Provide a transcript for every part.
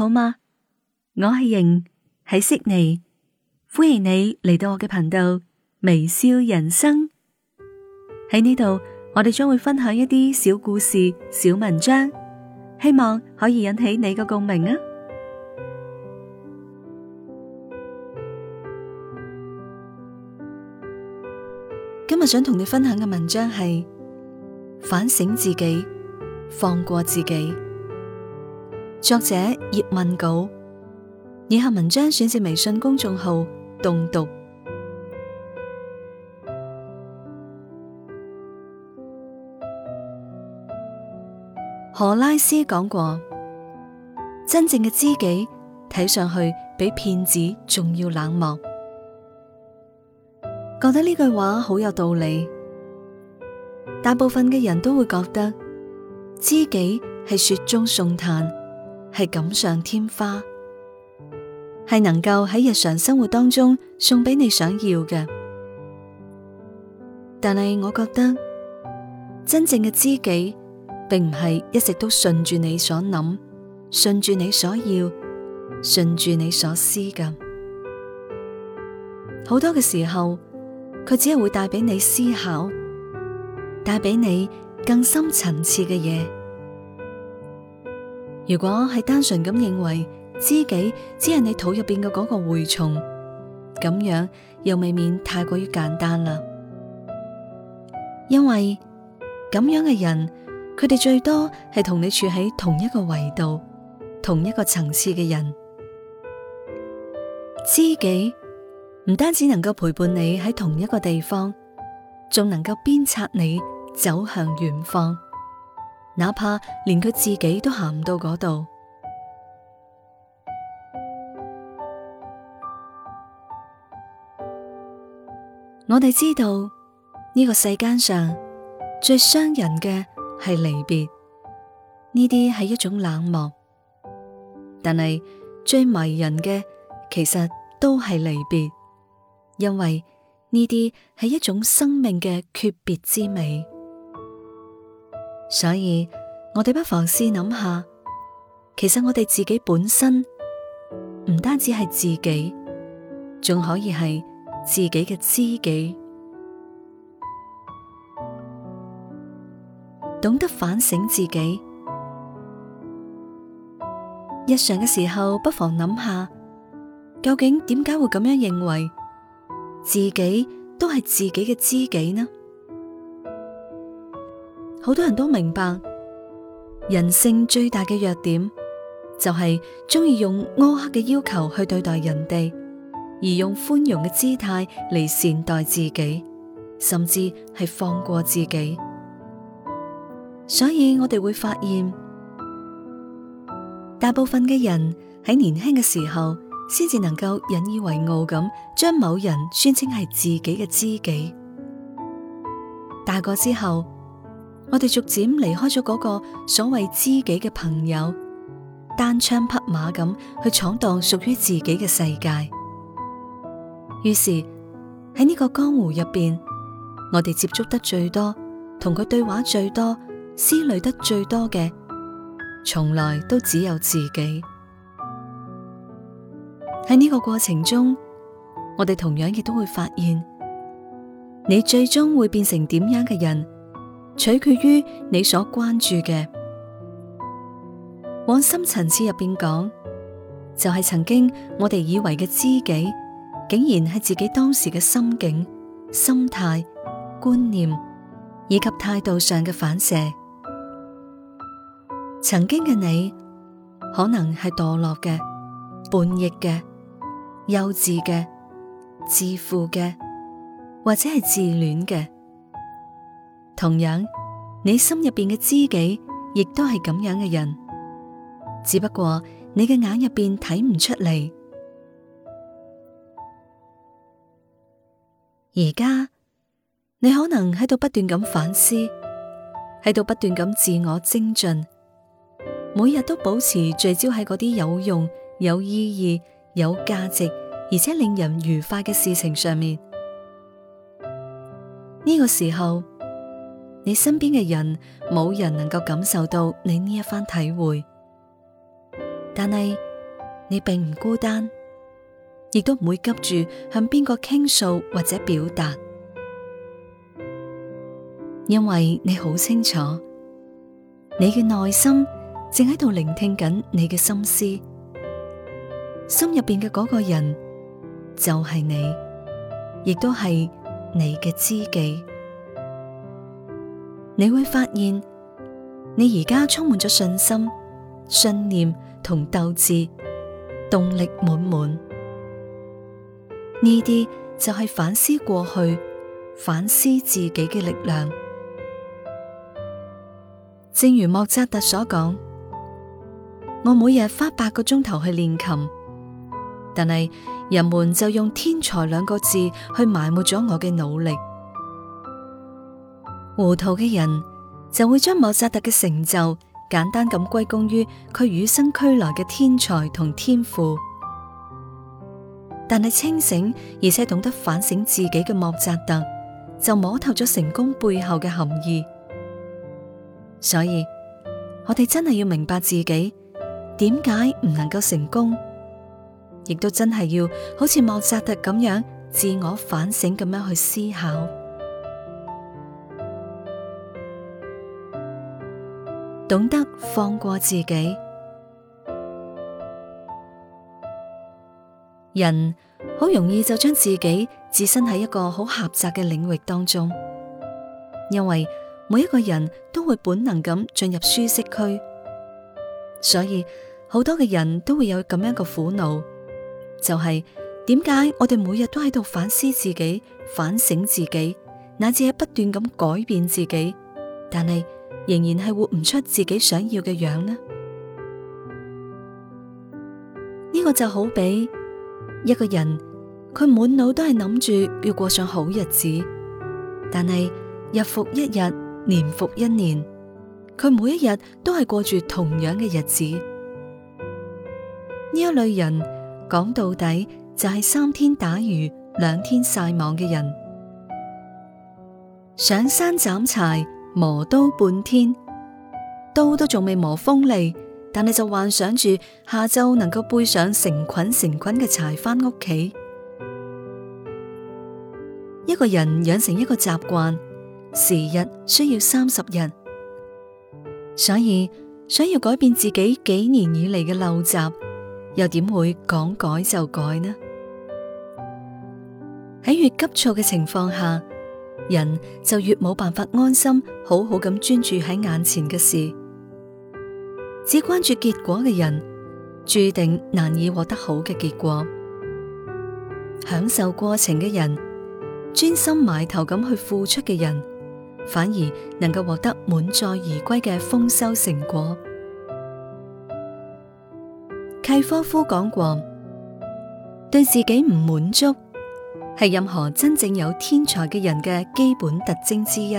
好嗎？我係瑩，喺悉尼，歡迎你嚟到我嘅頻道微笑人生。喺呢度，我哋將會分享一啲小故事、小文章，希望可以引起你嘅共鳴啊！今日想同你分享嘅文章係反省自己，放過自己。作者葉問稿：以下文章選自微信公眾號“動讀”。荷拉斯講過，真正嘅知己睇上去比騙子仲要冷漠。覺得呢句話好有道理，大部分嘅人都會覺得知己係雪中送炭。係錦上添花，係能夠喺日常生活當中送俾你想要嘅。但係我覺得真正嘅知己，並唔係一直都順住你所諗、順住你所要、順住你所思嘅。好多嘅時候，佢只係會帶俾你思考，帶俾你更深層次嘅嘢。如果係單純咁認為知己只係你肚入邊嘅嗰個蛔蟲，咁樣又未免太過於簡單啦。因為咁樣嘅人，佢哋最多係同你處喺同一個維度、同一個層次嘅人。知己唔單止能夠陪伴你喺同一個地方，仲能夠鞭策你走向遠方。哪怕連佢自己都行唔到嗰度， 我哋知道呢、呢個世間上最傷人嘅係離別，呢啲係一種冷漠，但係最迷人嘅其實都係離別，因為呢啲係一種生命嘅訣別之美。所以，我哋不妨試諗下，其實我哋自己本身唔單止係自己，仲可以係自己嘅知己，懂得反省自己。日常嘅時候，不妨諗下，究竟點解會咁樣認為自己都係自己嘅知己呢？好多人都明白人性最大嘅弱點，就係中意用苛刻嘅要求去對待人哋，而用寬容嘅姿態嚟善待自己，甚至係放過自己。所以我哋會發現，大部分嘅人喺年輕嘅時候，先至能夠引以為傲咁，將某人宣稱係自己嘅知己。大個之後，我哋逐漸離開咗嗰個所謂知己嘅朋友，單槍匹馬咁去闖蕩屬於自己嘅世界。於是喺呢個江湖入邊，我哋接觸得最多、同佢對話最多、思慮得最多嘅，從來都只有自己。喺呢個過程中，我哋同樣亦都會發現，你最終會變成點樣嘅人。取決於你所關注嘅，往深層次入邊講，就係曾經我哋以為嘅知己，竟然係自己當時嘅心境、心態、觀念以及態度上嘅反射。曾經嘅你，可能係墮落嘅、叛逆嘅、幼稚嘅、自負嘅，或者係自戀嘅。同樣，你心入邊嘅知己亦都係咁樣嘅人，只不過你嘅眼入邊睇唔出嚟。而家你可能喺度不斷咁反思，喺度不斷咁自我精進，每日都保持聚焦喺嗰啲有用、有意義、有價值，而且令人愉快嘅事情上面。呢個時候，你身邊嘅人冇人能夠感受到你呢一番體會，但係你並唔孤單，亦都唔會急住向邊個傾訴或者表達，因為你好清楚，你嘅內心正喺度聆聽緊你嘅心思，心入邊嘅嗰個人就係你，亦都係你嘅知己。你會發現，你而家充滿咗信心、信念同鬥志，動力滿滿。呢啲就係反思過去、反思自己嘅力量。正如莫扎特所講：「我每日花八個鐘頭去練琴，但係人們就用天才兩個字去埋沒咗我嘅努力。」糊塗嘅人就會將莫扎特嘅成就簡單咁歸功於佢與生俱來嘅天才同天賦，但係清醒而且懂得反省自己嘅莫扎特就摸透咗成功背後嘅含義。所以，我哋真係要明白自己點解唔能夠成功，亦都真係要好似莫扎特咁樣自我反省咁樣去思考。懂得放過自己，人好容易就將自己置身喺一個好狹窄嘅領域當中，因為每一個人都會本能咁進入舒適區，所以好多嘅人都會有咁樣嘅苦惱，就係點解我哋每日都喺度反思自己、反省自己，乃至係不斷咁改變自己，但係。仍然係活唔出自己想要嘅樣呢？呢、呢個就好比一個人，佢滿腦都係諗住要過上好日子，但係日復一日，年復一年，佢每一日都係過住同樣嘅日子。呢一類人講到底就係、是、三天打魚兩天曬網嘅人，上山斬柴。磨刀半天，刀都仲未磨鋒利，但係就幻想住下晝能夠背上成捆成捆嘅柴返屋企。一個人養成一個習慣，時日需要三十日，所以想要改變自己幾年以嚟嘅陋習，又點會講改就改呢？喺越急躁嘅情況下。人就越冇辦法安心好好咁專注喺眼前嘅事，只關注結果嘅人，注定難以獲得好嘅結果。享受過程嘅人，專心埋頭咁去付出嘅人，反而能夠獲得滿載而歸嘅豐收成果。契科夫講過：對自己唔滿足係任何真正有天才嘅人嘅基本特徵之一。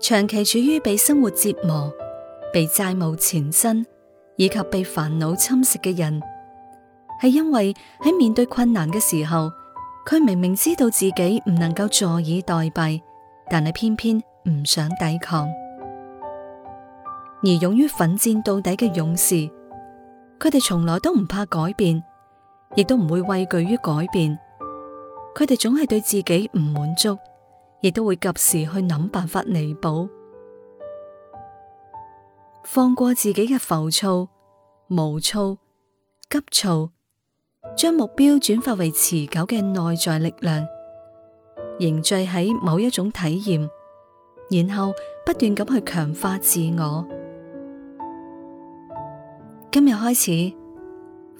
長期處於被生活折磨、被債務纏身以及被煩惱侵蝕嘅人，係因為喺面對困難嘅時候，佢明明知道自己唔能夠坐以待斃，但係偏偏唔想抵抗。而勇於奮戰到底嘅勇士，佢哋從來都唔怕改變。亦都唔會畏懼於改變，佢哋總係對自己唔滿足，亦都會及時去諗辦法彌補，放過自己嘅浮躁、毛躁、急躁，將目標轉化為持久嘅內在力量，凝聚喺某一種體驗，然後不斷咁去強化自我。今日開始。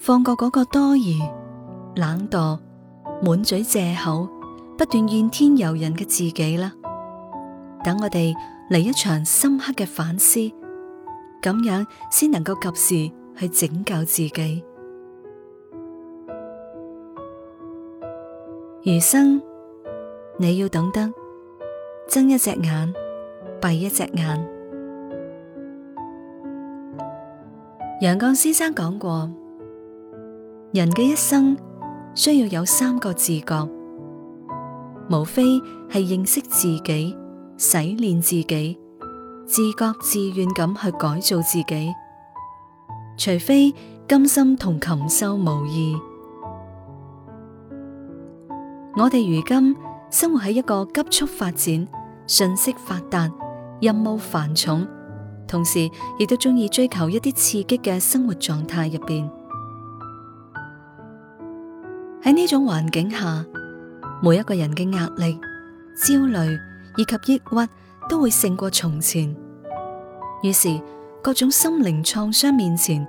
放過嗰個多餘、冷惰、滿嘴借口、不斷怨天尤人嘅自己啦，等我哋嚟一場深刻嘅反思，咁樣先能夠及時去拯救自己。餘生你要懂得睜一隻眼閉一隻眼。楊絳先生講過。人嘅一生需要有三個自覺，無非係認識自己、洗練自己、自覺自願咁去改造自己，除非甘心同禽獸無異。我哋如今生活喺一個急速發展、信息發達、任務繁重，同時亦都中意追求一啲刺激嘅生活狀態入邊。喺呢種環境下，每一個人嘅壓力、焦慮以及抑鬱都會勝過從前。於是，各種心靈創傷面前，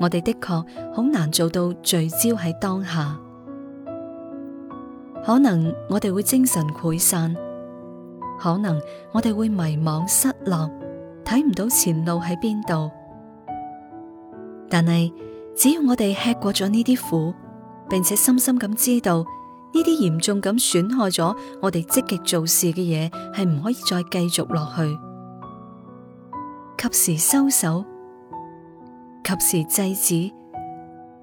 我哋的確好難做到聚焦喺當下。可能我哋會精神潰散，可能我哋會迷惘失落，睇唔到前路喺邊度。但係，只要我哋吃過咗呢啲苦。並且深深咁知道呢啲嚴重咁損害咗我哋積極做事嘅嘢係唔可以再繼續落去，及時收手，及時制止，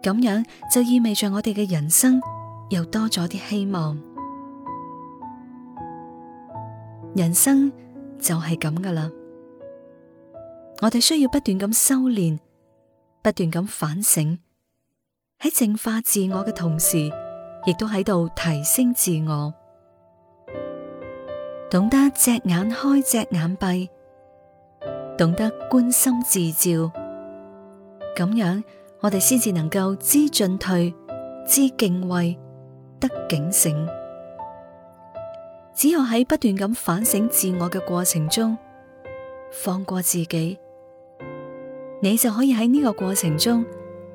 咁樣就意味著我哋嘅人生又多咗啲希望。人生就係咁㗎喇，我哋需要不斷咁修煉，不斷咁反省。喺淨化自我嘅同時，亦都喺度提升自我。懂得隻眼開，隻眼閉，懂得觀心自照，咁樣我哋先至能夠知進退，知敬畏，得警醒。只有喺不斷咁反省自我嘅過程中，放過自己，你就可以喺呢個過程中。